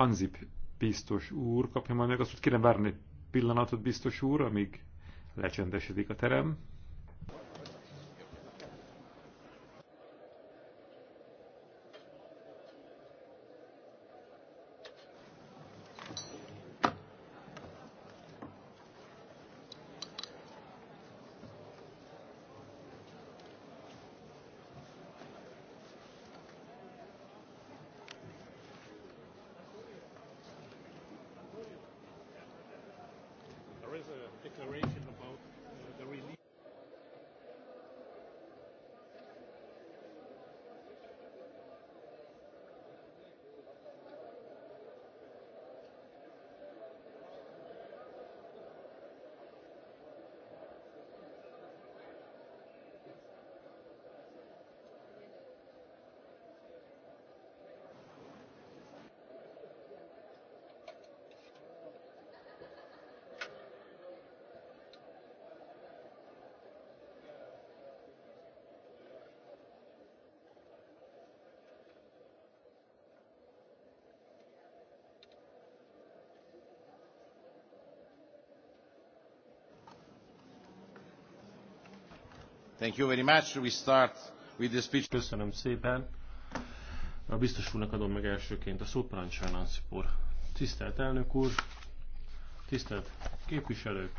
Anzip biztos úr kapja majd meg azt, hogy kérem várni egy pillanatot biztos úr, amíg lecsendesedik a terem. Köszönöm szépen. A biztos úrnak adom meg elsőként a szót, parancsoljon Tisztelt elnök úr, tisztelt képviselők,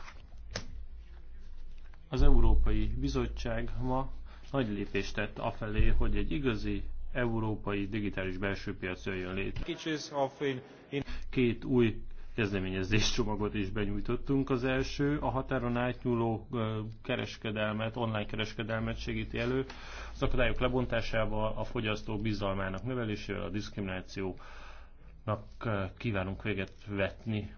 az Európai Bizottság ma nagy lépést tett afelé, hogy egy igazi európai digitális belső piac jöjjön létre. Két új kezdeményezés csomagot is benyújtottunk. Az első a határon átnyúló kereskedelmet, online kereskedelmet segíti elő, az akadályok lebontásával, a fogyasztók bizalmának növelésével, a diszkriminációnak kívánunk véget vetni.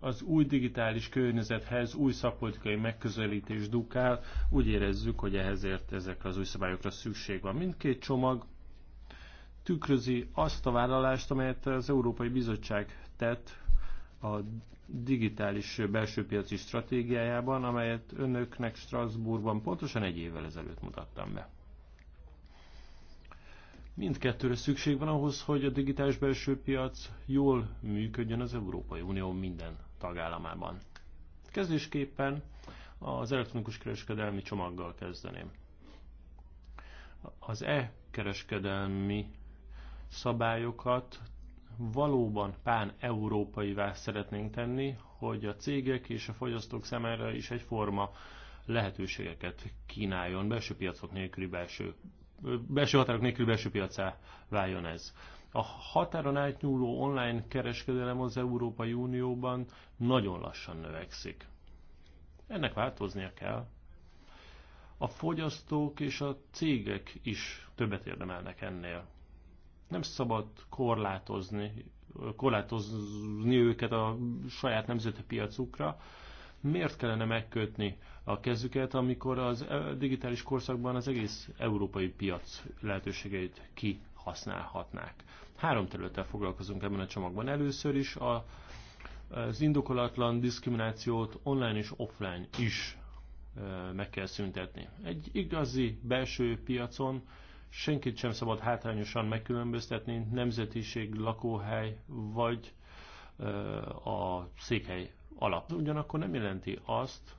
Az új digitális környezethez új szakpolitikai megközelítés dukál, úgy érezzük, hogy ehhez ért ezekre az új szabályokra szükség van. Mindkét csomag tükrözi azt a vállalást, amelyet az Európai Bizottság tett a digitális belső piaci stratégiájában, amelyet önöknek Strasbourgban pontosan egy évvel ezelőtt mutattam be. Mindkettőre szükség van ahhoz, hogy a digitális belső piac jól működjön az Európai Unió minden tagállamában. Kezdésképpen az elektronikus kereskedelmi csomaggal kezdeném. Az e-kereskedelmi szabályokat valóban pán-európaivá szeretnénk tenni, hogy a cégek és a fogyasztók számára is egyforma lehetőségeket kínáljon, belső piacok nélküli belső, belső határok nélküli belső piacá váljon ez. A határon átnyúló online kereskedelem az Európai Unióban nagyon lassan növekszik. Ennek változnia kell. A fogyasztók és a cégek is többet érdemelnek ennél. Nem szabad korlátozni, korlátozni őket a saját nemzeti piacukra. Miért kellene megkötni a kezüket, amikor az e, digitális korszakban az egész európai piac lehetőségeit kihasználhatnák? Három területtel foglalkozunk ebben a csomagban. Először is a, az indokolatlan diszkriminációt online és offline is e, meg kell szüntetni. Egy igazi belső piacon Senkit sem szabad hátrányosan megkülönböztetni nemzetiség, lakóhely vagy a székhely alap. Ugyanakkor nem jelenti azt,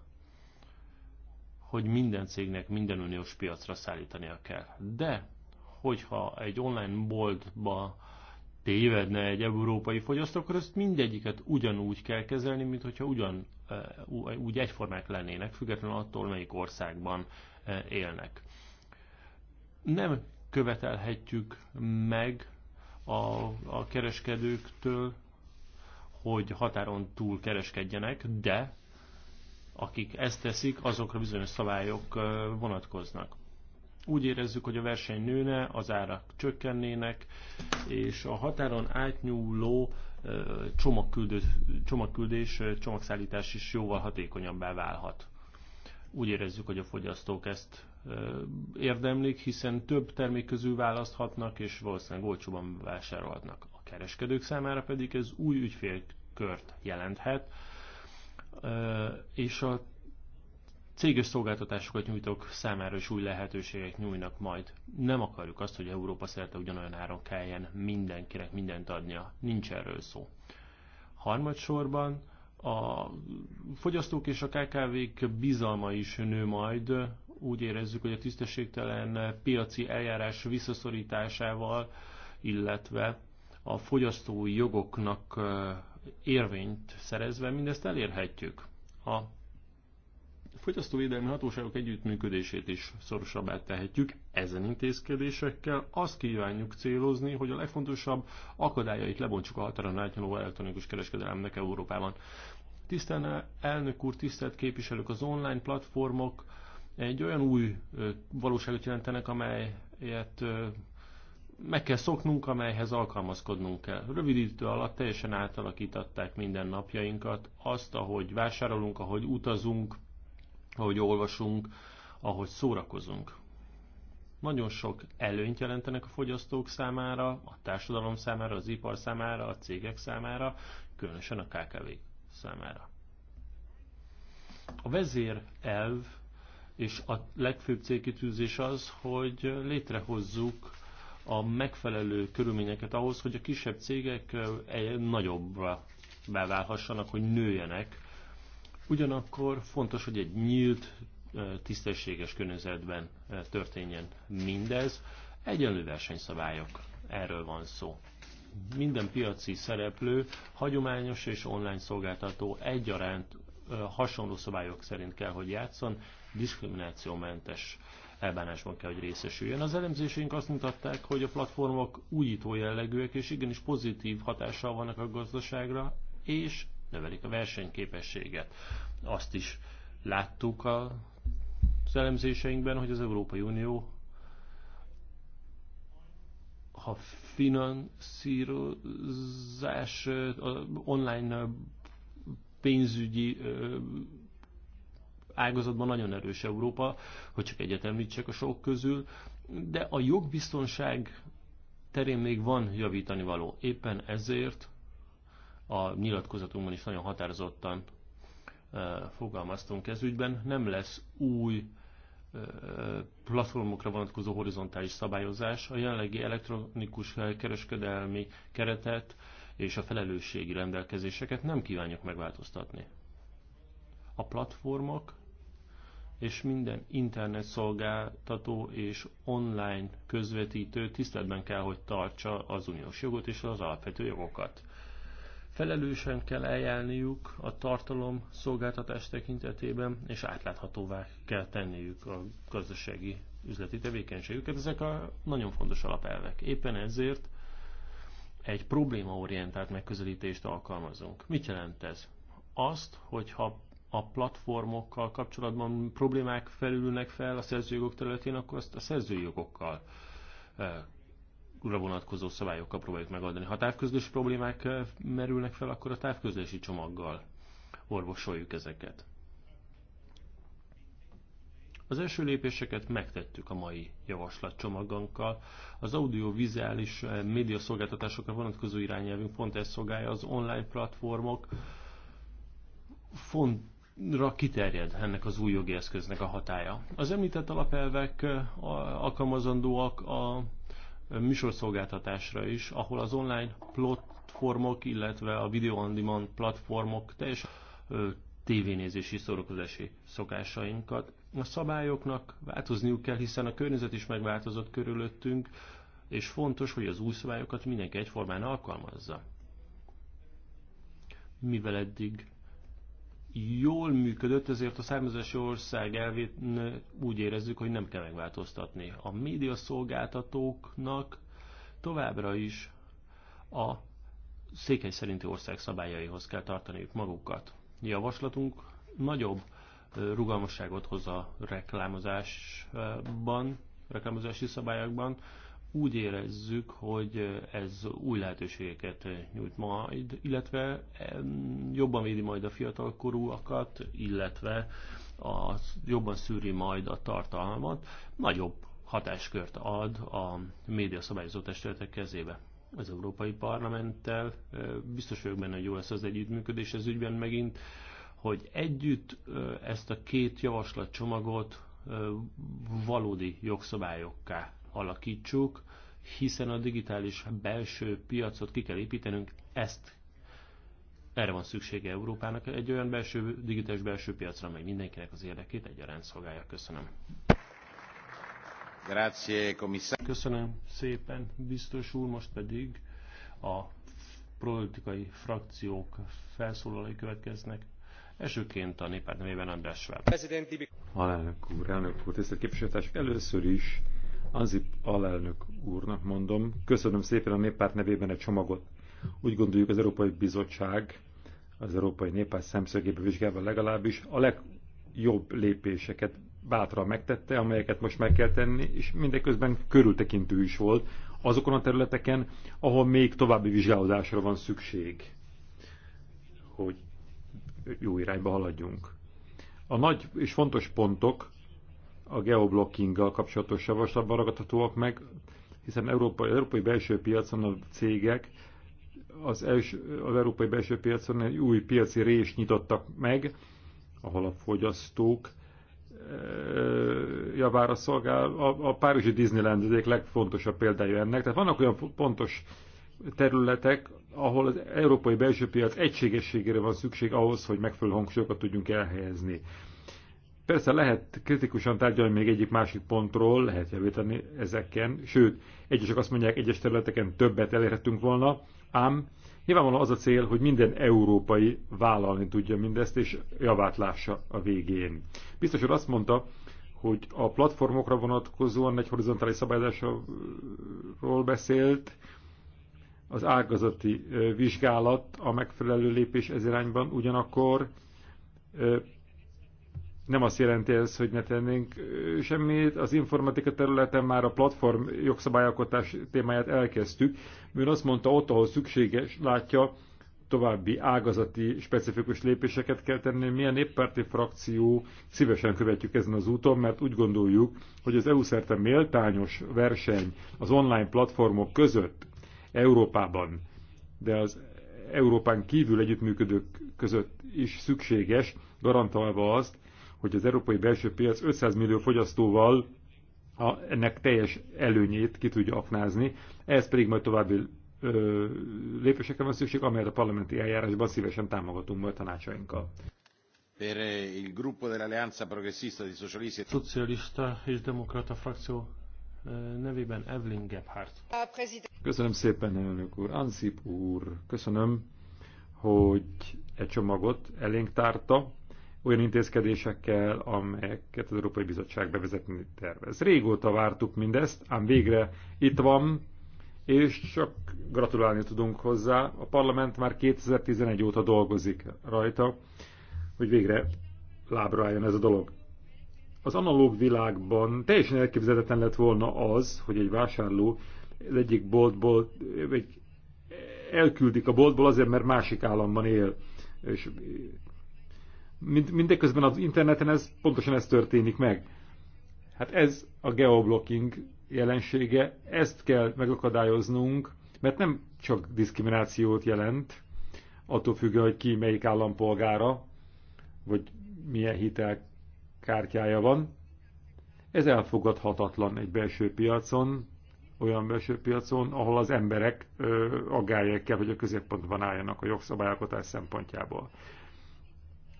hogy minden cégnek minden uniós piacra szállítania kell. De, hogyha egy online boltba tévedne egy európai fogyasztó, akkor ezt mindegyiket ugyanúgy kell kezelni, mint hogyha ugyan, úgy egyformák lennének, függetlenül attól, melyik országban élnek. Nem követelhetjük meg a, a kereskedőktől, hogy határon túl kereskedjenek, de akik ezt teszik, azokra bizonyos szabályok vonatkoznak. Úgy érezzük, hogy a verseny nőne, az árak csökkennének, és a határon átnyúló csomagküldés, csomagszállítás is jóval hatékonyabbá válhat. Úgy érezzük, hogy a fogyasztók ezt érdemlik, hiszen több termék közül választhatnak, és valószínűleg olcsóban vásárolhatnak. A kereskedők számára pedig ez új ügyfélkört jelenthet, és a céges szolgáltatásokat nyújtók számára is új lehetőségek nyújnak majd. Nem akarjuk azt, hogy Európa szerte ugyanolyan áron kelljen mindenkinek mindent adnia. Nincs erről szó. Harmadsorban a fogyasztók és a KKV-k bizalma is nő majd úgy érezzük, hogy a tisztességtelen piaci eljárás visszaszorításával, illetve a fogyasztói jogoknak érvényt szerezve mindezt elérhetjük. A fogyasztóvédelmi hatóságok együttműködését is szorosabbá tehetjük ezen intézkedésekkel. Azt kívánjuk célozni, hogy a legfontosabb akadályait lebontsuk a határon átnyúló elektronikus kereskedelemnek Európában. Tisztán elnök úr, tisztelt képviselők, az online platformok egy olyan új valóságot jelentenek, amelyet meg kell szoknunk, amelyhez alkalmazkodnunk kell. Rövid idő alatt teljesen átalakították minden napjainkat, azt, ahogy vásárolunk, ahogy utazunk, ahogy olvasunk, ahogy szórakozunk. Nagyon sok előnyt jelentenek a fogyasztók számára, a társadalom számára, az ipar számára, a cégek számára, különösen a KKV számára. A vezér elv és a legfőbb célkitűzés az, hogy létrehozzuk a megfelelő körülményeket ahhoz, hogy a kisebb cégek nagyobbra beválhassanak, hogy nőjenek. Ugyanakkor fontos, hogy egy nyílt, tisztességes környezetben történjen mindez. Egyenlő versenyszabályok, erről van szó. Minden piaci szereplő, hagyományos és online szolgáltató egyaránt hasonló szabályok szerint kell, hogy játszon, diszkriminációmentes elbánásban kell, hogy részesüljön. Az elemzéseink azt mutatták, hogy a platformok újító jellegűek és igenis pozitív hatással vannak a gazdaságra, és növelik a versenyképességet. Azt is láttuk a az elemzéseinkben, hogy az Európai Unió ha finanszírozás online pénzügyi ágazatban nagyon erős Európa, hogy csak egyet említsek a sok közül, de a jogbiztonság terén még van javítani való. Éppen ezért a nyilatkozatunkban is nagyon határozottan fogalmaztunk ez ügyben, nem lesz új platformokra vonatkozó horizontális szabályozás. A jelenlegi elektronikus kereskedelmi keretet és a felelősségi rendelkezéseket nem kívánjuk megváltoztatni. A platformok és minden internet szolgáltató és online közvetítő tiszteletben kell, hogy tartsa az uniós jogot és az alapvető jogokat. Felelősen kell eljárniuk a tartalom szolgáltatás tekintetében, és átláthatóvá kell tenniük a gazdasági üzleti tevékenységüket. Ezek a nagyon fontos alapelvek. Éppen ezért egy problémaorientált megközelítést alkalmazunk. Mit jelent ez? Azt, hogyha a platformokkal kapcsolatban problémák felülnek fel a szerzőjogok területén, akkor azt a szerzőjogokkal eh, vonatkozó szabályokkal próbáljuk megoldani. Ha távközlési problémák eh, merülnek fel, akkor a távközlési csomaggal orvosoljuk ezeket. Az első lépéseket megtettük a mai javaslatcsomagunkkal. Az audiovizuális eh, szolgáltatásokra vonatkozó irányelvünk pont ezt szolgálja, az online platformok font ra kiterjed ennek az új jogi eszköznek a hatája. Az említett alapelvek alkalmazandóak a műsorszolgáltatásra is, ahol az online platformok, illetve a video on demand platformok teljes tévénézési szórakozási szokásainkat. A szabályoknak változniuk kell, hiszen a környezet is megváltozott körülöttünk, és fontos, hogy az új szabályokat mindenki egyformán alkalmazza. Mivel eddig jól működött, ezért a származási ország elvét úgy érezzük, hogy nem kell megváltoztatni. A média szolgáltatóknak továbbra is a székely szerinti ország szabályaihoz kell tartaniuk magukat. Javaslatunk nagyobb rugalmasságot hoz a reklámozásban, reklámozási szabályokban, úgy érezzük, hogy ez új lehetőségeket nyújt majd, illetve jobban védi majd a fiatalkorúakat, illetve a, jobban szűri majd a tartalmat, nagyobb hatáskört ad a média szabályozó testületek kezébe. Az Európai Parlamenttel biztos vagyok benne, hogy jó lesz az együttműködés ez ügyben megint, hogy együtt ezt a két javaslatcsomagot valódi jogszabályokká alakítsuk, hiszen a digitális belső piacot ki kell építenünk, ezt erre van szüksége Európának, egy olyan belső, digitális belső piacra, amely mindenkinek az érdekét egyaránt szolgálja. Köszönöm. Grazie, Köszönöm szépen, biztos úr, most pedig a politikai frakciók felszólalói következnek. Esőként a néppárt nevében András Schwab. Alelnök úr, elnök úr, tisztelt képviselőtársak, először is Anzip alelnök úrnak mondom, köszönöm szépen a néppárt nevében egy csomagot. Úgy gondoljuk az Európai Bizottság, az Európai Néppárt szemszögéből vizsgálva legalábbis a legjobb lépéseket bátran megtette, amelyeket most meg kell tenni, és mindeközben körültekintő is volt azokon a területeken, ahol még további vizsgálódásra van szükség, hogy jó irányba haladjunk. A nagy és fontos pontok a geoblockinggal kapcsolatos javaslatban ragadhatóak meg, hiszen Európa, európai belső piacon a cégek az, első, az európai belső piacon egy új piaci rés nyitottak meg, ahol a fogyasztók javára szolgál. A, a Párizsi Disneyland az egyik legfontosabb példája ennek. Tehát vannak olyan pontos területek, ahol az európai belső piac egységességére van szükség ahhoz, hogy megfelelő hangsúlyokat tudjunk elhelyezni. Persze lehet kritikusan tárgyalni még egyik másik pontról, lehet javítani ezeken, sőt, egyesek azt mondják, egyes területeken többet elérhetünk volna, ám nyilvánvalóan az a cél, hogy minden európai vállalni tudja mindezt, és javát lássa a végén. Biztos hogy azt mondta, hogy a platformokra vonatkozóan egy horizontális szabályozásról beszélt, az ágazati vizsgálat a megfelelő lépés ez irányban, ugyanakkor nem azt jelenti ez, hogy ne tennénk semmit. Az informatika területen már a platform jogszabályalkotás témáját elkezdtük. Ő azt mondta, ott, ahol szükséges, látja, további ágazati specifikus lépéseket kell tenni. Milyen néppárti frakció szívesen követjük ezen az úton, mert úgy gondoljuk, hogy az EU szerte méltányos verseny az online platformok között Európában, de az Európán kívül együttműködők között is szükséges, garantálva azt, hogy az európai belső piac 500 millió fogyasztóval a, ennek teljes előnyét ki tudja aknázni, ehhez pedig majd további ö, lépésekre van szükség, amelyet a parlamenti eljárásban szívesen támogatunk majd tanácsainkkal. Per eh, il gruppo dell'Alleanza Progressista di Socialisti e Szocialista és Demokrata frakció eh, nevében Evelyn Gebhardt. Köszönöm szépen, elnök úr. Ansip úr, köszönöm, hogy e csomagot elénk tárta, olyan intézkedésekkel, amelyeket az Európai Bizottság bevezetni tervez. Régóta vártuk mindezt, ám végre itt van, és csak gratulálni tudunk hozzá. A parlament már 2011 óta dolgozik rajta, hogy végre lábra álljon ez a dolog. Az analóg világban teljesen elképzelhetetlen lett volna az, hogy egy vásárló az egyik boltból egy, elküldik a boltból azért, mert másik államban él, és Mind, mindeközben az interneten ez pontosan ez történik meg. Hát ez a geoblocking jelensége, ezt kell megakadályoznunk, mert nem csak diszkriminációt jelent, attól függ, hogy ki melyik állampolgára, vagy milyen hitelkártyája van. Ez elfogadhatatlan egy belső piacon, olyan belső piacon, ahol az emberek aggályekkel, hogy a középpontban álljanak a jogszabályalkotás szempontjából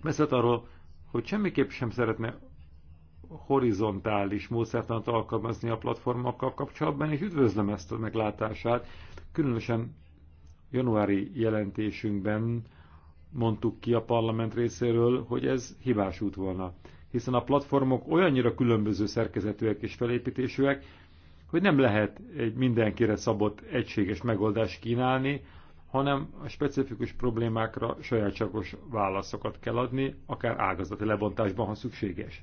beszélt arról, hogy semmiképp sem szeretne horizontális módszertanat alkalmazni a platformokkal kapcsolatban, és üdvözlöm ezt a meglátását. Különösen januári jelentésünkben mondtuk ki a parlament részéről, hogy ez hibás út volna. Hiszen a platformok olyannyira különböző szerkezetűek és felépítésűek, hogy nem lehet egy mindenkire szabott egységes megoldást kínálni, hanem a specifikus problémákra sajátságos válaszokat kell adni, akár ágazati lebontásban, ha szükséges.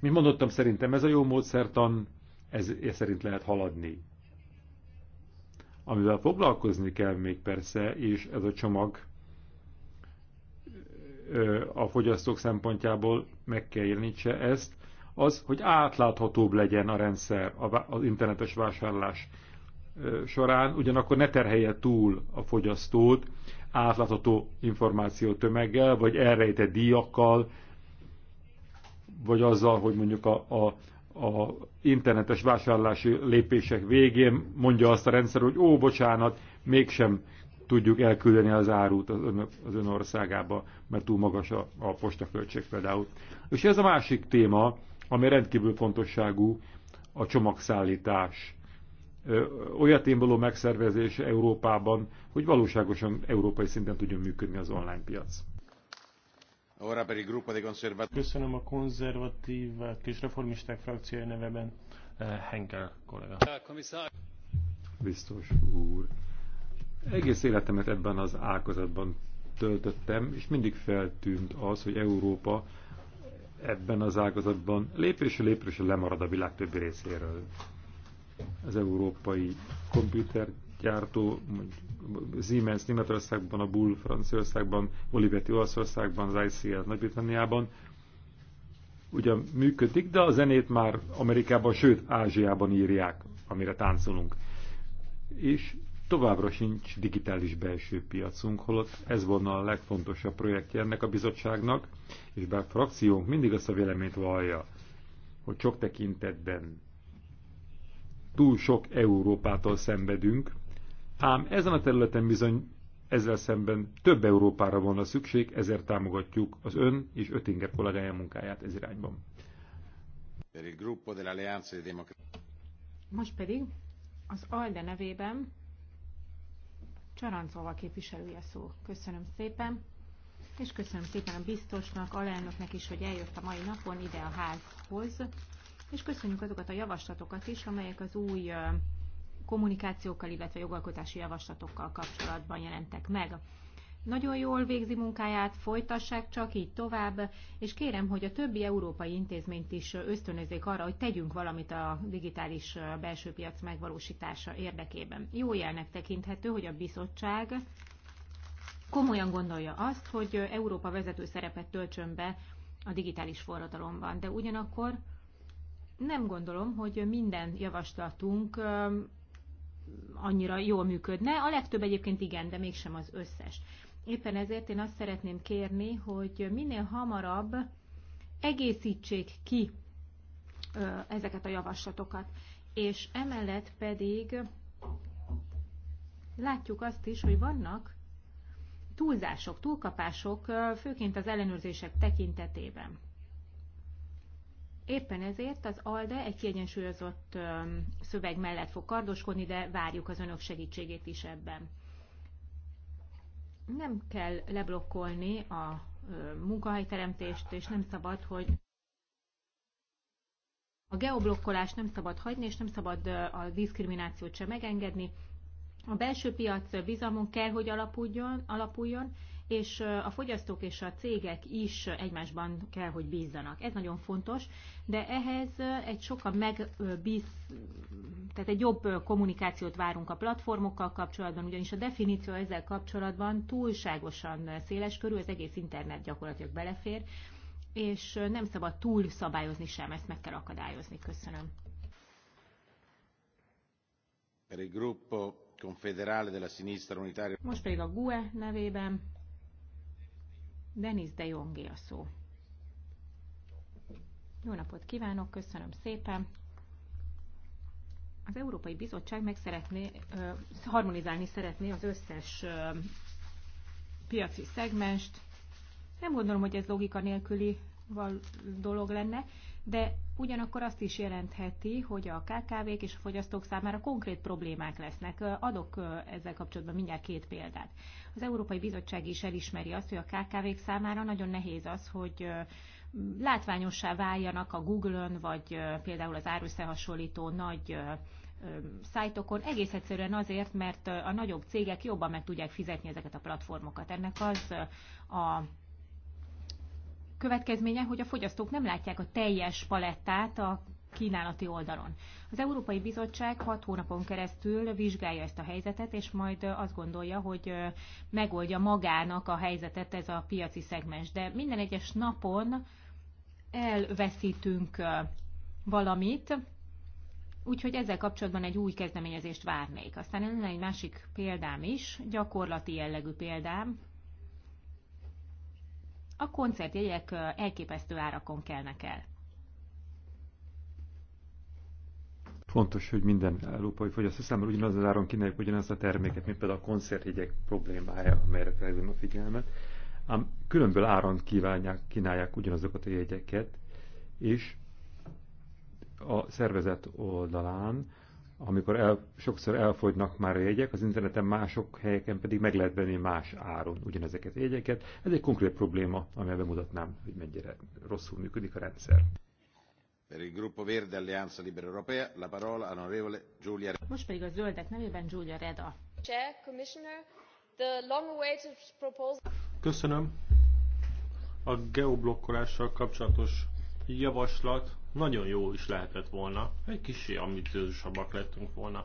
Mint mondottam, szerintem ez a jó módszertan, ez, ez szerint lehet haladni. Amivel foglalkozni kell még persze, és ez a csomag a fogyasztók szempontjából meg kell jelenítse ezt, az, hogy átláthatóbb legyen a rendszer az internetes vásárlás során ugyanakkor ne terhelje túl a fogyasztót átlátható információ tömeggel, vagy elrejtett díjakkal, vagy azzal, hogy mondjuk a, a, a internetes vásárlási lépések végén mondja azt a rendszer, hogy ó, bocsánat, mégsem tudjuk elküldeni az árut az ön, az ön országába, mert túl magas a, a postaköltség például. És ez a másik téma, ami rendkívül fontosságú, a csomagszállítás olyat émboló megszervezése Európában, hogy valóságosan európai szinten tudjon működni az online piac. Köszönöm a konzervatív és reformisták frakciója neveben eh, Henkel kollega. Biztos úr. Egész életemet ebben az ágazatban töltöttem, és mindig feltűnt az, hogy Európa ebben az ágazatban lépésről lépésre lemarad a világ többi részéről az európai komputergyártó, Siemens Németországban, a Bull Franciaországban, Olivetti Olaszországban, az ICL Nagy-Britanniában ugyan működik, de a zenét már Amerikában, sőt Ázsiában írják, amire táncolunk. És továbbra sincs digitális belső piacunk, holott ez volna a legfontosabb projektje ennek a bizottságnak, és bár frakciónk mindig azt a véleményt vallja, hogy sok tekintetben túl sok Európától szenvedünk, ám ezen a területen bizony ezzel szemben több Európára van a szükség, ezért támogatjuk az ön és Ötinger kollégája munkáját ez irányban. Most pedig az ALDE nevében Csarancolva képviselője szó. Köszönöm szépen, és köszönöm szépen a biztosnak, alelnöknek is, hogy eljött a mai napon ide a házhoz és köszönjük azokat a javaslatokat is, amelyek az új kommunikációkkal, illetve jogalkotási javaslatokkal kapcsolatban jelentek meg. Nagyon jól végzi munkáját, folytassák csak így tovább, és kérem, hogy a többi európai intézményt is ösztönözzék arra, hogy tegyünk valamit a digitális belső piac megvalósítása érdekében. Jó jelnek tekinthető, hogy a bizottság komolyan gondolja azt, hogy Európa vezető szerepet töltsön be a digitális forradalomban, de ugyanakkor nem gondolom, hogy minden javaslatunk annyira jól működne. A legtöbb egyébként igen, de mégsem az összes. Éppen ezért én azt szeretném kérni, hogy minél hamarabb egészítsék ki ezeket a javaslatokat. És emellett pedig látjuk azt is, hogy vannak túlzások, túlkapások, főként az ellenőrzések tekintetében. Éppen ezért az ALDE egy kiegyensúlyozott szöveg mellett fog kardoskodni, de várjuk az önök segítségét is ebben. Nem kell leblokkolni a munkahelyteremtést, és nem szabad, hogy a geoblokkolást nem szabad hagyni, és nem szabad a diszkriminációt sem megengedni. A belső piac bizalmon kell, hogy alapuljon, alapuljon és a fogyasztók és a cégek is egymásban kell, hogy bízzanak. Ez nagyon fontos, de ehhez egy sokkal megbíz, tehát egy jobb kommunikációt várunk a platformokkal kapcsolatban, ugyanis a definíció ezzel kapcsolatban túlságosan széles körül, az egész internet gyakorlatilag belefér, és nem szabad túl szabályozni sem, ezt meg kell akadályozni. Köszönöm. Per il gruppo confederale della sinistra unitaria. Most pedig a GUE nevében Denis de Jongé a szó. Jó napot kívánok, köszönöm szépen. Az Európai Bizottság meg szeretné, harmonizálni szeretné az összes piaci szegmest. Nem gondolom, hogy ez logika nélküli dolog lenne, de ugyanakkor azt is jelentheti, hogy a KKV-k és a fogyasztók számára konkrét problémák lesznek. Adok ezzel kapcsolatban mindjárt két példát. Az Európai Bizottság is elismeri azt, hogy a KKV-k számára nagyon nehéz az, hogy látványossá váljanak a Google-ön, vagy például az árösszehasonlító nagy szájtokon, egész egyszerűen azért, mert a nagyobb cégek jobban meg tudják fizetni ezeket a platformokat. Ennek az a következménye, hogy a fogyasztók nem látják a teljes palettát a kínálati oldalon. Az Európai Bizottság hat hónapon keresztül vizsgálja ezt a helyzetet, és majd azt gondolja, hogy megoldja magának a helyzetet ez a piaci szegmens. De minden egyes napon elveszítünk valamit, úgyhogy ezzel kapcsolatban egy új kezdeményezést várnék. Aztán lenne egy másik példám is, gyakorlati jellegű példám, a koncertjegyek elképesztő árakon kelnek el. Fontos, hogy minden európai fogyasztó számára ugyanaz az áron kínáljuk ugyanazt a terméket, mint például a koncertjegyek problémája, amelyre felhívom a figyelmet. Ám különböző áron kívánják, kínálják ugyanazokat a jegyeket, és a szervezet oldalán amikor el, sokszor elfogynak már a jegyek, az interneten mások helyeken pedig meg lehet venni más áron ugyanezeket a jegyeket. Ez egy konkrét probléma, amivel bemutatnám, hogy mennyire rosszul működik a rendszer. Most pedig a zöldek nevében Giulia Reda. Köszönöm. A geoblokkolással kapcsolatos javaslat nagyon jó is lehetett volna, egy kicsi ambiciózusabbak lettünk volna.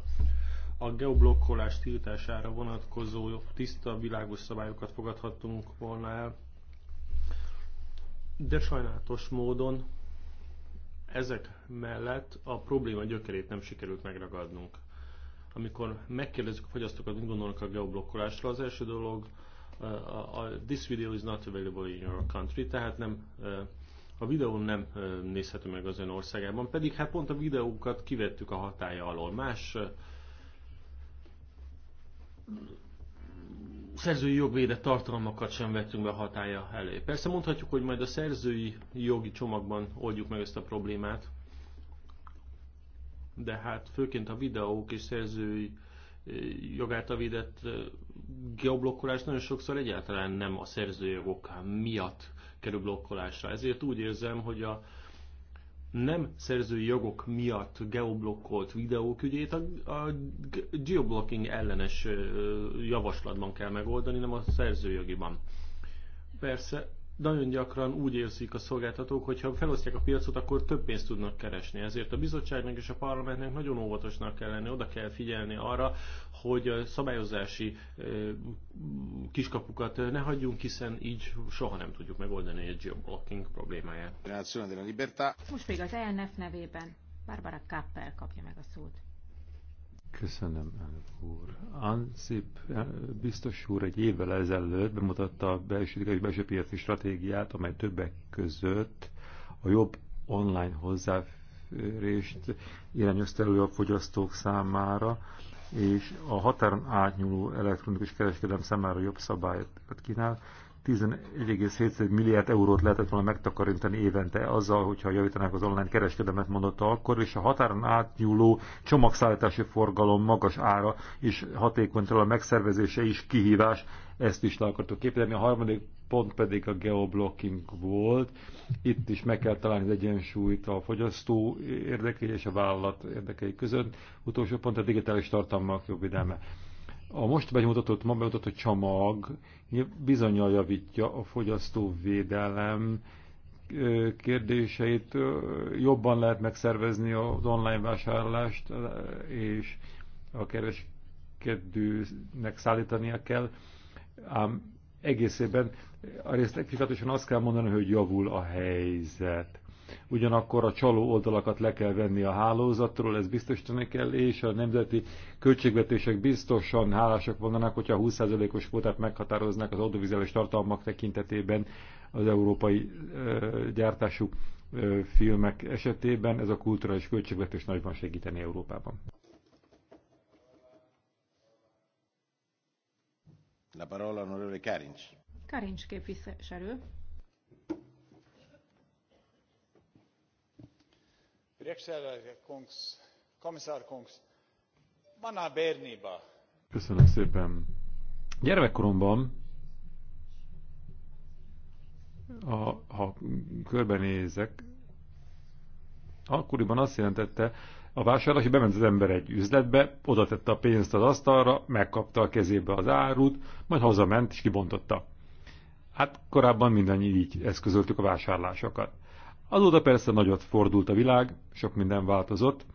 A geoblokkolás tiltására vonatkozó tiszta, világos szabályokat fogadhattunk volna el, de sajnálatos módon ezek mellett a probléma gyökerét nem sikerült megragadnunk. Amikor megkérdezzük a fogyasztókat, mit gondolnak a geoblokkolásra, az első dolog, uh, a, a, this video is not available in your country, tehát nem uh, a videón nem nézhető meg az ön országában, pedig hát pont a videókat kivettük a hatája alól. Más szerzői jogvédett tartalmakat sem vettünk be hatája elé. Persze mondhatjuk, hogy majd a szerzői jogi csomagban oldjuk meg ezt a problémát, de hát főként a videók és szerzői jogáltal védett geoblokkolás nagyon sokszor egyáltalán nem a szerzőjogok miatt kerül blokkolásra. Ezért úgy érzem, hogy a nem szerzői jogok miatt geoblokkolt videók ügyét a, a geoblocking ellenes javaslatban kell megoldani, nem a szerzőjogiban. Persze nagyon gyakran úgy érzik a szolgáltatók, hogy ha felosztják a piacot, akkor több pénzt tudnak keresni. Ezért a bizottságnak és a parlamentnek nagyon óvatosnak kell lenni, oda kell figyelni arra, hogy a szabályozási kiskapukat ne hagyjunk, hiszen így soha nem tudjuk megoldani egy geoblocking problémáját. Most még az ELNF nevében Barbara Kappel kapja meg a szót. Köszönöm, elnök úr. Ansip eh, biztos úr egy évvel ezelőtt bemutatta a belső, belső piaci stratégiát, amely többek között a jobb online hozzáférést irányozta elő a fogyasztók számára, és a határon átnyúló elektronikus kereskedelem számára jobb szabályt kínál. 11,7 milliárd eurót lehetett volna megtakarítani évente azzal, hogyha javítanák az online kereskedelmet, mondotta akkor, és a határon átnyúló csomagszállítási forgalom magas ára és hatékonytalan megszervezése is kihívás, ezt is le akartok képzelni. A harmadik pont pedig a geoblocking volt. Itt is meg kell találni az egyensúlyt a fogyasztó érdekei és a vállalat érdekei között. Utolsó pont a digitális tartalmak jobb védelme. A most bemutatott, ma bemutatott csomag bizonyal javítja a fogyasztóvédelem kérdéseit, jobban lehet megszervezni az online vásárlást, és a kereskedőnek szállítania kell, ám egészében a részt azt kell mondani, hogy javul a helyzet ugyanakkor a csaló oldalakat le kell venni a hálózatról, ez biztosítani kell, és a nemzeti költségvetések biztosan hálásak vannak, hogyha 20%-os kvótát meghatároznak az adóvizelés tartalmak tekintetében az európai ö, gyártású ö, filmek esetében. Ez a kulturális költségvetés nagyban segíteni Európában. La parola onorevole Karincs. Karincs képviselő. Köszönöm szépen. Gyermekkoromban, a, ha körbenézek, akkoriban azt jelentette, a vásárlás, hogy bement az ember egy üzletbe, oda tette a pénzt az asztalra, megkapta a kezébe az árut, majd hazament és kibontotta. Hát korábban mindannyi így eszközöltük a vásárlásokat. Azóta persze nagyot fordult a világ, sok minden változott,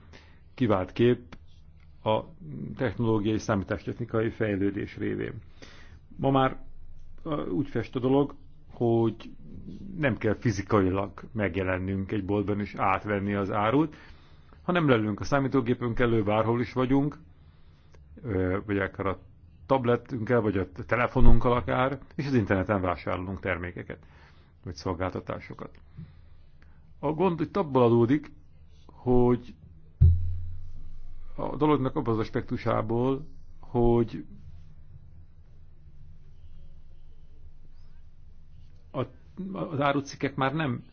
kivált kép a technológiai számítástechnikai fejlődés révén. Ma már úgy fest a dolog, hogy nem kell fizikailag megjelennünk egy boltban és átvenni az árut, hanem lelünk a számítógépünk elő, bárhol is vagyunk, vagy akár a tabletünkkel, vagy a telefonunkkal akár, és az interneten vásárolunk termékeket, vagy szolgáltatásokat. A gond itt abból adódik, hogy a dolognak abban az aspektusából, hogy a, az árucikkek már nem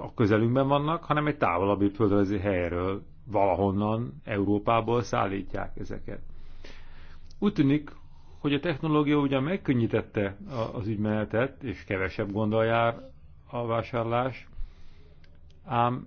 a közelünkben vannak, hanem egy távolabbi földrajzi helyről, valahonnan, Európából szállítják ezeket. Úgy tűnik, hogy a technológia ugyan megkönnyítette az ügymenetet, és kevesebb gondoljár jár a vásárlás, ám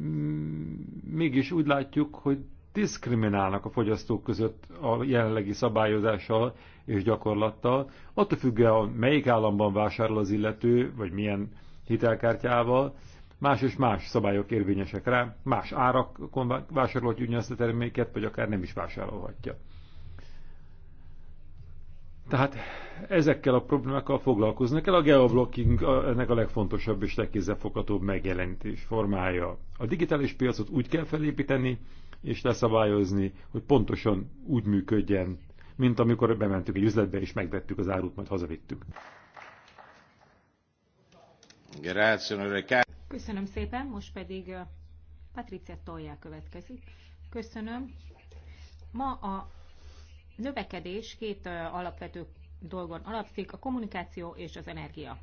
mm, mégis úgy látjuk, hogy diszkriminálnak a fogyasztók között a jelenlegi szabályozással és gyakorlattal, attól függően, melyik államban vásárol az illető, vagy milyen hitelkártyával, más és más szabályok érvényesek rá, más árakon vásárolhatja ugyanazt a terméket, vagy akár nem is vásárolhatja. Tehát ezekkel a problémákkal foglalkoznak el. A geoblocking ennek a legfontosabb és legkézzelfoghatóbb megjelenítés formája. A digitális piacot úgy kell felépíteni és leszabályozni, hogy pontosan úgy működjen, mint amikor bementünk egy üzletbe és megvettük az árut, majd hazavittük. Köszönöm szépen, most pedig uh, Patricia Tolja következik. Köszönöm. Ma a növekedés két alapvető dolgon alapszik, a kommunikáció és az energia.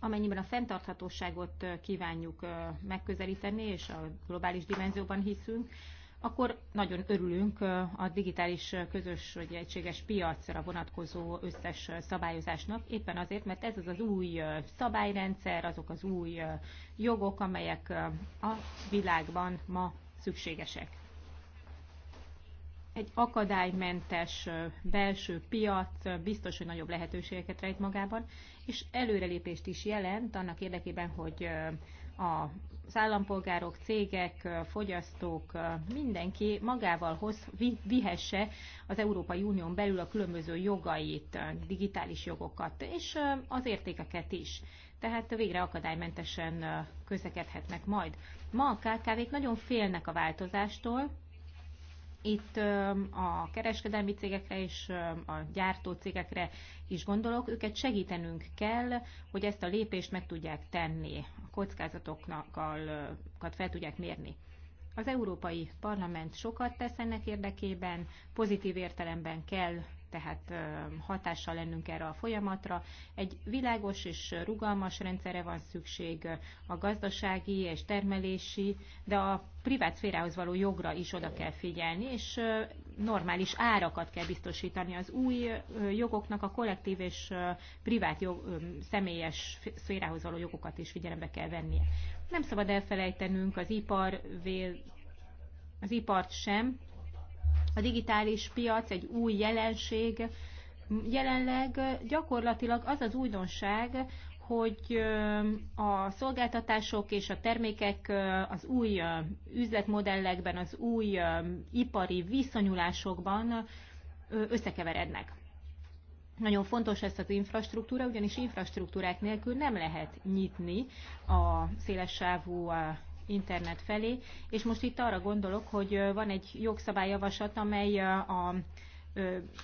Amennyiben a fenntarthatóságot kívánjuk megközelíteni, és a globális dimenzióban hiszünk, akkor nagyon örülünk a digitális közös vagy egységes piacra vonatkozó összes szabályozásnak, éppen azért, mert ez az az új szabályrendszer, azok az új jogok, amelyek a világban ma szükségesek egy akadálymentes belső piac biztos, hogy nagyobb lehetőségeket rejt magában, és előrelépést is jelent annak érdekében, hogy az állampolgárok, cégek, fogyasztók, mindenki magával hoz, vihesse az Európai Unión belül a különböző jogait, digitális jogokat, és az értékeket is. Tehát végre akadálymentesen közlekedhetnek majd. Ma a KKV-k nagyon félnek a változástól, itt a kereskedelmi cégekre és a gyártó cégekre is gondolok, őket segítenünk kell, hogy ezt a lépést meg tudják tenni, a kockázatokat fel tudják mérni. Az Európai Parlament sokat tesz ennek érdekében, pozitív értelemben kell tehát hatással lennünk erre a folyamatra. Egy világos és rugalmas rendszerre van szükség a gazdasági és termelési, de a privát szférához való jogra is oda kell figyelni, és normális árakat kell biztosítani az új jogoknak, a kollektív és privát jog, személyes szférához való jogokat is figyelembe kell vennie. Nem szabad elfelejtenünk az ipar vél, az ipart sem, a digitális piac egy új jelenség. Jelenleg gyakorlatilag az az újdonság, hogy a szolgáltatások és a termékek az új üzletmodellekben, az új ipari viszonyulásokban összekeverednek. Nagyon fontos ez az infrastruktúra, ugyanis infrastruktúrák nélkül nem lehet nyitni a szélessávú internet felé, és most itt arra gondolok, hogy van egy jogszabályjavaslat, amely a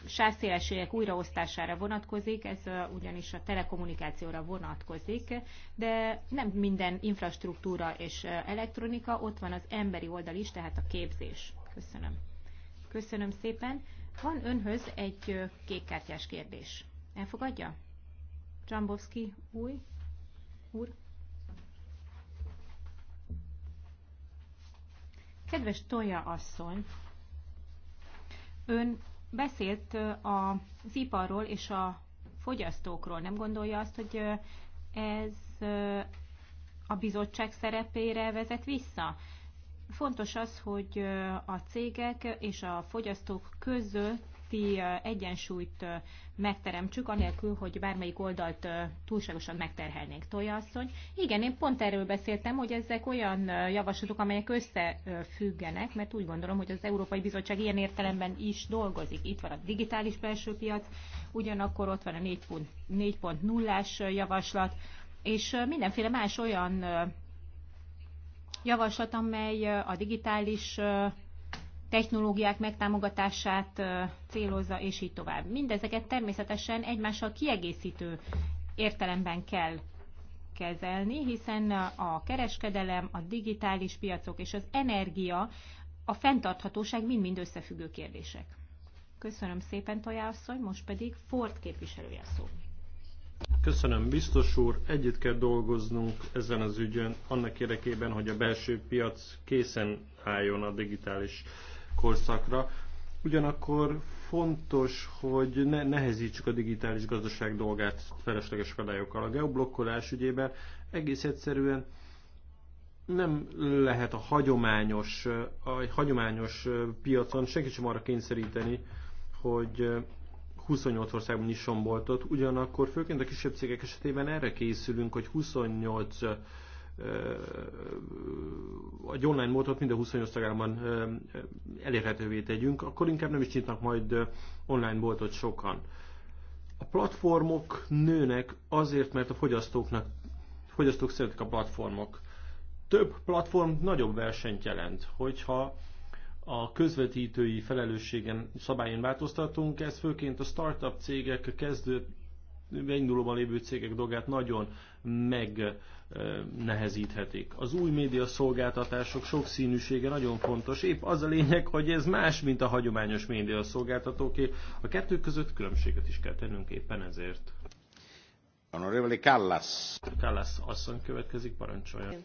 sávszélességek újraosztására vonatkozik, ez ugyanis a telekommunikációra vonatkozik, de nem minden infrastruktúra és elektronika, ott van az emberi oldal is, tehát a képzés. Köszönöm. Köszönöm szépen. Van önhöz egy kékkártyás kérdés. Elfogadja? Csambovszki új úr. Kedves Tolja asszony, ön beszélt az iparról és a fogyasztókról. Nem gondolja azt, hogy ez a bizottság szerepére vezet vissza? Fontos az, hogy a cégek és a fogyasztók között közötti egyensúlyt megteremtsük, anélkül, hogy bármelyik oldalt túlságosan megterhelnénk. Tolja asszony. Igen, én pont erről beszéltem, hogy ezek olyan javaslatok, amelyek összefüggenek, mert úgy gondolom, hogy az Európai Bizottság ilyen értelemben is dolgozik. Itt van a digitális belső piac, ugyanakkor ott van a 4.0-as javaslat, és mindenféle más olyan javaslat, amely a digitális technológiák megtámogatását célozza, és így tovább. Mindezeket természetesen egymással kiegészítő értelemben kell kezelni, hiszen a kereskedelem, a digitális piacok és az energia, a fenntarthatóság mind-mind összefüggő kérdések. Köszönöm szépen, Tojá asszony, most pedig Ford képviselője szó. Köszönöm, biztos úr, együtt kell dolgoznunk ezen az ügyön, annak érdekében, hogy a belső piac készen álljon a digitális korszakra. Ugyanakkor fontos, hogy ne nehezítsük a digitális gazdaság dolgát felesleges akadályokkal. A geoblokkolás ügyében egész egyszerűen nem lehet a hagyományos, a hagyományos piacon senki sem arra kényszeríteni, hogy 28 országban nyisson boltot, ugyanakkor főként a kisebb cégek esetében erre készülünk, hogy 28 egy online módot mind a 28 tagállamban elérhetővé tegyünk, akkor inkább nem is nyitnak majd online boltot sokan. A platformok nőnek azért, mert a fogyasztóknak, fogyasztók szeretik a platformok. Több platform nagyobb versenyt jelent, hogyha a közvetítői felelősségen szabályon változtatunk, ez főként a startup cégek, a kezdő beindulóban lévő cégek dolgát nagyon megnehezíthetik. Az új média szolgáltatások sok színűsége nagyon fontos, épp az a lényeg, hogy ez más, mint a hagyományos média szolgáltatóké. A kettő között különbséget is kell tennünk éppen ezért. Honorable Callas. Callas asszony következik, parancsoljon.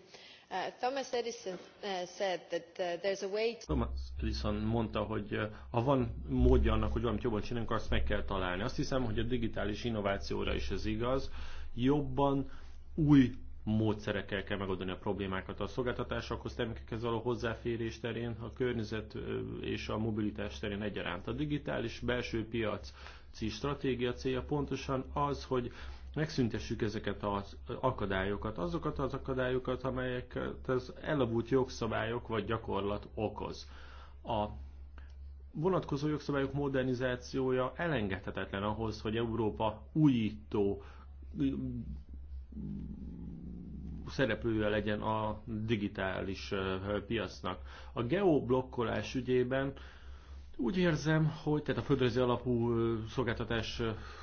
Uh, Thomas Edison uh, said that uh, there's a way to... Thomas Edison mondta, hogy ha van módja annak, hogy valamit jobban csinálunk, azt meg kell találni. Azt hiszem, hogy a digitális innovációra is ez igaz. Jobban új módszerekkel kell megoldani a problémákat a szolgáltatásokhoz, termékekhez való hozzáférés terén, a környezet és a mobilitás terén egyaránt. A digitális belső piaci stratégia célja pontosan az, hogy megszüntessük ezeket az akadályokat, azokat az akadályokat, amelyeket az elavult jogszabályok vagy gyakorlat okoz. A vonatkozó jogszabályok modernizációja elengedhetetlen ahhoz, hogy Európa újító szereplője legyen a digitális piacnak. A geoblokkolás ügyében úgy érzem, hogy tehát a földrajzi alapú szolgáltatás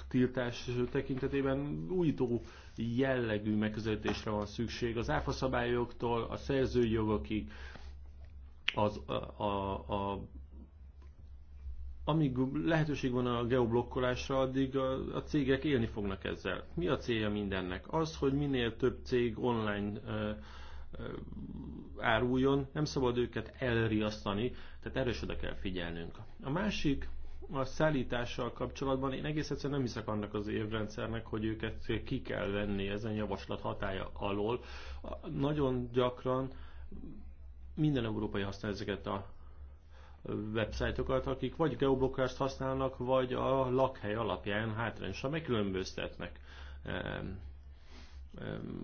tiltás tekintetében újító jellegű megközelítésre van szükség. Az áfa szabályoktól, a szerzői jogokig, az, a, a, a, amíg lehetőség van a geoblokkolásra, addig a, a cégek élni fognak ezzel. Mi a célja mindennek? Az, hogy minél több cég online uh, áruljon, nem szabad őket elriasztani, tehát erre is oda kell figyelnünk. A másik, a szállítással kapcsolatban én egész egyszerűen nem hiszek annak az évrendszernek, hogy őket ki kell venni ezen javaslat hatája alól. Nagyon gyakran minden európai használ ezeket a websájtokat, akik vagy geoblockást használnak, vagy a lakhely alapján hátrányosan megkülönböztetnek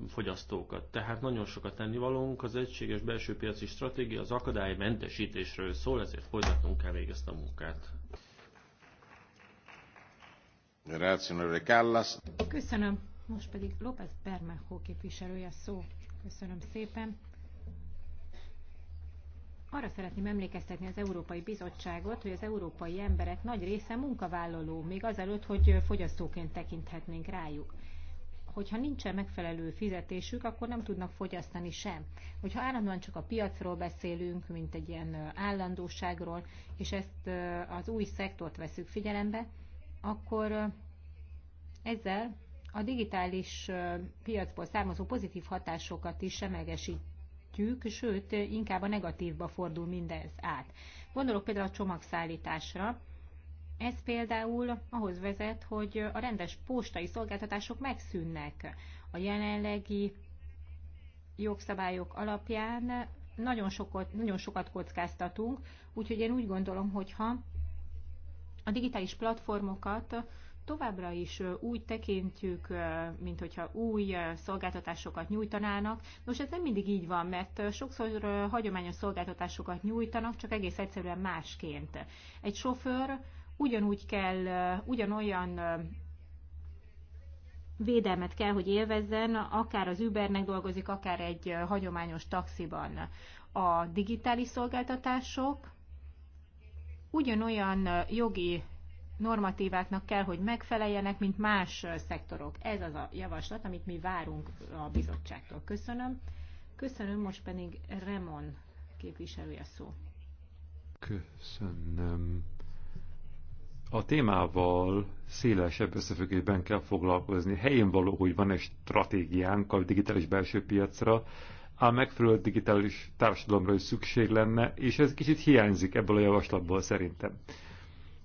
fogyasztókat. Tehát nagyon sokat tennivalónk, az egységes belső piaci stratégia az akadálymentesítésről szól, ezért folytatnunk kell még ezt a munkát. Köszönöm. Most pedig López Bermejo képviselője szó. Köszönöm szépen. Arra szeretném emlékeztetni az Európai Bizottságot, hogy az európai emberek nagy része munkavállaló, még azelőtt, hogy fogyasztóként tekinthetnénk rájuk hogyha nincsen megfelelő fizetésük, akkor nem tudnak fogyasztani sem. Hogyha állandóan csak a piacról beszélünk, mint egy ilyen állandóságról, és ezt az új szektort veszük figyelembe, akkor ezzel a digitális piacból származó pozitív hatásokat is semlegesítjük, sőt, inkább a negatívba fordul mindez át. Gondolok például a csomagszállításra, ez például ahhoz vezet, hogy a rendes postai szolgáltatások megszűnnek. A jelenlegi jogszabályok alapján nagyon sokat, nagyon sokat kockáztatunk, úgyhogy én úgy gondolom, hogyha a digitális platformokat továbbra is úgy tekintjük, mint hogyha új szolgáltatásokat nyújtanának. Nos, ez nem mindig így van, mert sokszor hagyományos szolgáltatásokat nyújtanak, csak egész egyszerűen másként. Egy sofőr ugyanúgy kell, ugyanolyan védelmet kell, hogy élvezzen, akár az Ubernek dolgozik, akár egy hagyományos taxiban. A digitális szolgáltatások ugyanolyan jogi normatíváknak kell, hogy megfeleljenek, mint más szektorok. Ez az a javaslat, amit mi várunk a bizottságtól. Köszönöm. Köszönöm, most pedig Remon képviselője szó. Köszönöm a témával szélesebb összefüggésben kell foglalkozni. Helyén való, hogy van egy stratégiánk a digitális belső piacra, ám megfelelő digitális társadalomra is szükség lenne, és ez kicsit hiányzik ebből a javaslatból szerintem.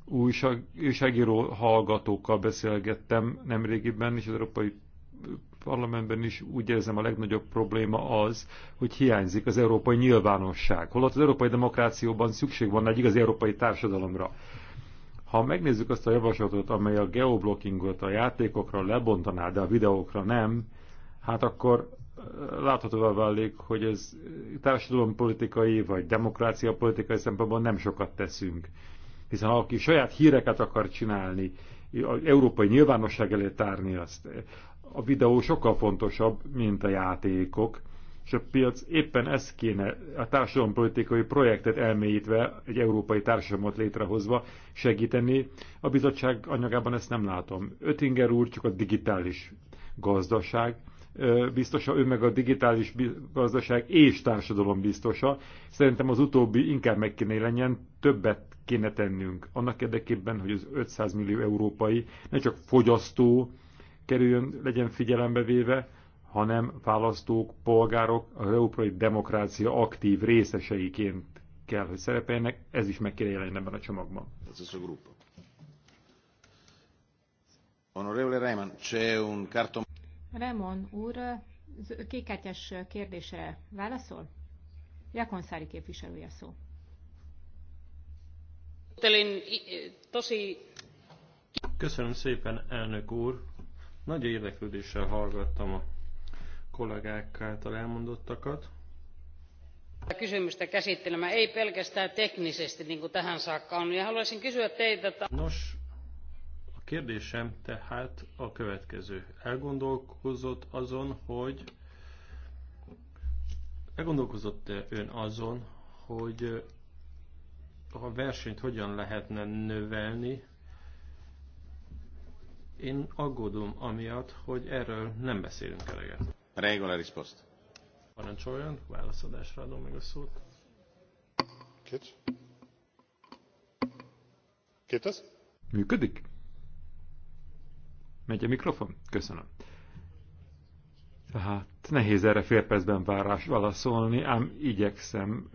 Újság, újságíró hallgatókkal beszélgettem nemrégiben, és az Európai Parlamentben is úgy érzem a legnagyobb probléma az, hogy hiányzik az európai nyilvánosság. Holott az európai demokrációban szükség van egy igazi európai társadalomra. Ha megnézzük azt a javaslatot, amely a geoblockingot a játékokra lebontaná, de a videókra nem, hát akkor eh, láthatóvá válik, hogy ez társadalompolitikai vagy demokrácia politikai szempontból nem sokat teszünk. Hiszen aki saját híreket akar csinálni, az európai nyilvánosság elé tárni azt, eh, a videó sokkal fontosabb, mint a játékok, a piac éppen ez kéne a társadalompolitikai projektet elmélyítve, egy európai társadalmat létrehozva segíteni. A bizottság anyagában ezt nem látom. Ötinger úr csak a digitális gazdaság biztosa, ő meg a digitális gazdaság és társadalom biztosa. Szerintem az utóbbi inkább meg kéne lenjen, többet kéne tennünk. Annak érdekében, hogy az 500 millió európai ne csak fogyasztó kerüljön, legyen figyelembe véve, hanem választók, polgárok az európai demokrácia aktív részeseiként kell, hogy szerepeljenek, ez is meg kell jelenni ebben a csomagban. Ez a grupa. Honorable Raymond, c'è un Raymond úr, kékkártyás kérdésre válaszol? Jakonszári képviselője szó. Köszönöm szépen, elnök úr. Nagy érdeklődéssel hallgattam a kollégák által elmondottakat. A kysymystä käsittelemään, ei pelkästään teknisesti, niin kuin tähän saakka on. Ja haluaisin kysyä teitä... Että... Nos, a kérdésem tehát a következő. Elgondolkozott azon, hogy elgondolkozott -e ön azon, hogy a versenyt hogyan lehetne növelni, én aggódom amiatt, hogy erről nem beszélünk eleget. Regola risposta. Parancsoljon, válaszadásra adom meg a szót. Két? Két az? Működik? Megy a mikrofon? Köszönöm. Tehát nehéz erre fél percben várás válaszolni, ám igyekszem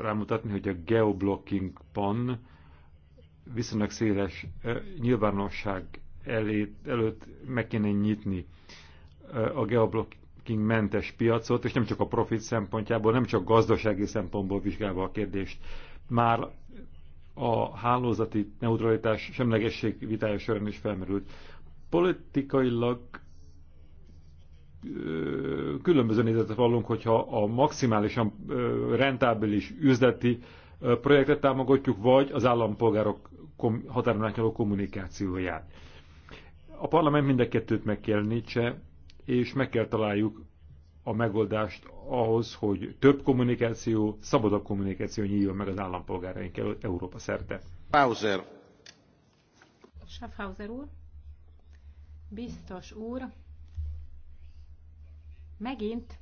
rámutatni, hogy a geoblockingban viszonylag széles nyilvánosság elé, előtt meg kéne nyitni a geoblocking mentes piacot, és nem csak a profit szempontjából, nem csak gazdasági szempontból vizsgálva a kérdést. Már a hálózati neutralitás semlegesség vitája során is felmerült. Politikailag különböző nézetet vallunk, hogyha a maximálisan rentábilis üzleti projektet támogatjuk, vagy az állampolgárok határon átnyúló kommunikációját. A parlament mind a kettőt meg kell nincse, és meg kell találjuk a megoldást ahhoz, hogy több kommunikáció, szabadabb kommunikáció nyíljon meg az állampolgáraink Európa szerte. Pauser. Schaffhauser úr, biztos úr, megint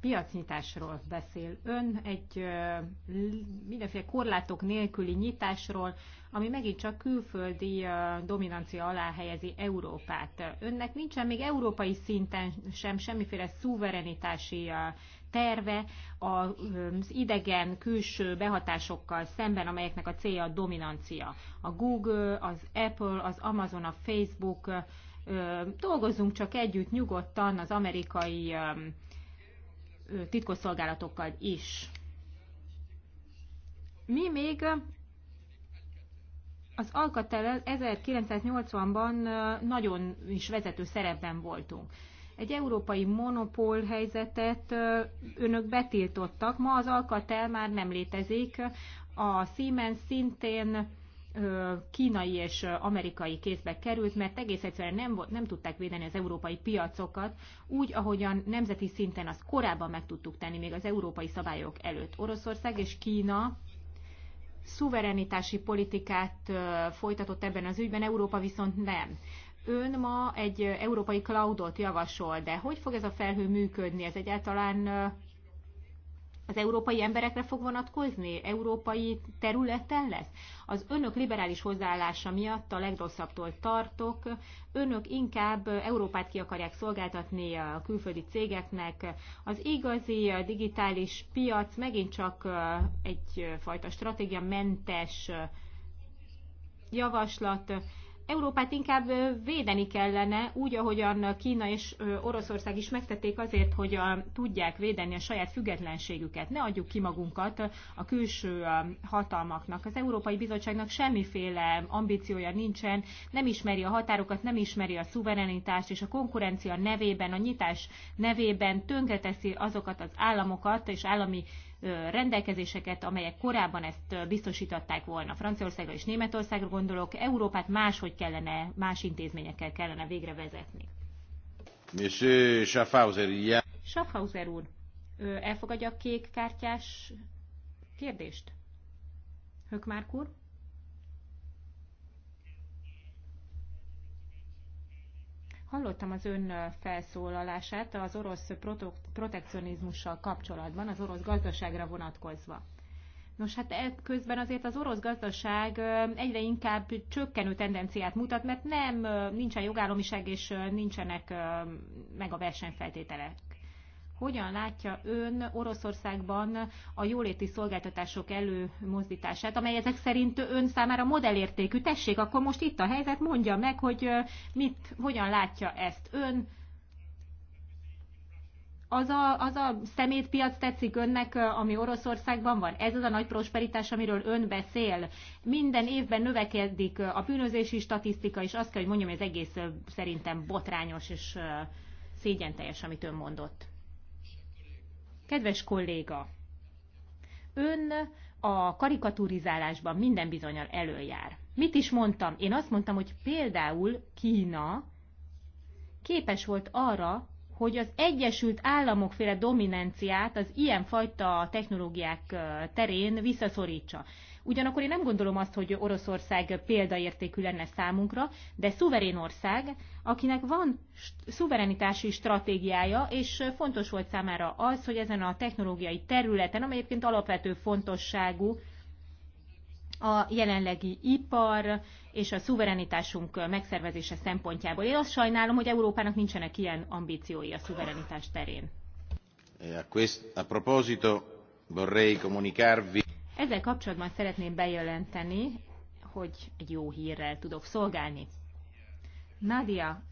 piacnyitásról beszél. Ön egy mindenféle korlátok nélküli nyitásról, ami megint csak külföldi dominancia alá helyezi Európát. Önnek nincsen még európai szinten sem semmiféle szuverenitási terve az idegen külső behatásokkal szemben, amelyeknek a célja a dominancia. A Google, az Apple, az Amazon, a Facebook, dolgozzunk csak együtt nyugodtan az amerikai titkosszolgálatokkal is. Mi még az Alcatel 1980-ban nagyon is vezető szerepben voltunk. Egy európai monopól helyzetet önök betiltottak, ma az Alcatel már nem létezik, a Siemens szintén kínai és amerikai kézbe került, mert egész egyszerűen nem, nem tudták védeni az európai piacokat, úgy, ahogyan nemzeti szinten azt korábban meg tudtuk tenni, még az európai szabályok előtt. Oroszország és Kína szuverenitási politikát folytatott ebben az ügyben, Európa viszont nem. Ön ma egy európai cloudot javasol, de hogy fog ez a felhő működni? Ez egyáltalán az európai emberekre fog vonatkozni? Európai területen lesz? Az önök liberális hozzáállása miatt a legrosszabbtól tartok. Önök inkább Európát ki akarják szolgáltatni a külföldi cégeknek. Az igazi digitális piac megint csak egyfajta mentes javaslat. Európát inkább védeni kellene, úgy, ahogyan Kína és Oroszország is megtették azért, hogy a, tudják védeni a saját függetlenségüket. Ne adjuk ki magunkat a külső hatalmaknak. Az Európai Bizottságnak semmiféle ambíciója nincsen, nem ismeri a határokat, nem ismeri a szuverenitást, és a konkurencia nevében, a nyitás nevében tönkreteszi azokat az államokat és állami rendelkezéseket, amelyek korábban ezt biztosították volna. Franciaországra és Németországra gondolok, Európát máshogy kellene, más intézményekkel kellene végre vezetni. Schaffhauser, yeah. Schaffhauser úr, elfogadja a kék kártyás kérdést? Hökmárk úr? Hallottam az ön felszólalását az orosz protekcionizmussal kapcsolatban, az orosz gazdaságra vonatkozva. Nos, hát e közben azért az orosz gazdaság egyre inkább csökkenő tendenciát mutat, mert nem, nincsen jogállomiság, és nincsenek meg a versenyfeltételek hogyan látja ön Oroszországban a jóléti szolgáltatások előmozdítását, amely ezek szerint ön számára modellértékű? Tessék, akkor most itt a helyzet, mondja meg, hogy mit, hogyan látja ezt ön, az a, az a szemétpiac tetszik önnek, ami Oroszországban van? Ez az a nagy prosperitás, amiről ön beszél? Minden évben növekedik a bűnözési statisztika, és azt kell, hogy mondjam, hogy ez egész szerintem botrányos és szégyenteljes, amit ön mondott. Kedves kolléga, ön a karikaturizálásban minden bizonyal előjár. Mit is mondtam? Én azt mondtam, hogy például Kína képes volt arra, hogy az Egyesült Államokféle dominanciát az ilyenfajta technológiák terén visszaszorítsa. Ugyanakkor én nem gondolom azt, hogy Oroszország példaértékű lenne számunkra, de szuverén ország, akinek van szuverenitási stratégiája, és fontos volt számára az, hogy ezen a technológiai területen, amely egyébként alapvető fontosságú, a jelenlegi ipar és a szuverenitásunk megszervezése szempontjából. Én azt sajnálom, hogy Európának nincsenek ilyen ambíciói a szuverenitás terén. Eh, a, a proposito vorrei comunicarvi ezzel kapcsolatban szeretném bejelenteni, hogy egy jó hírrel tudok szolgálni. Nadia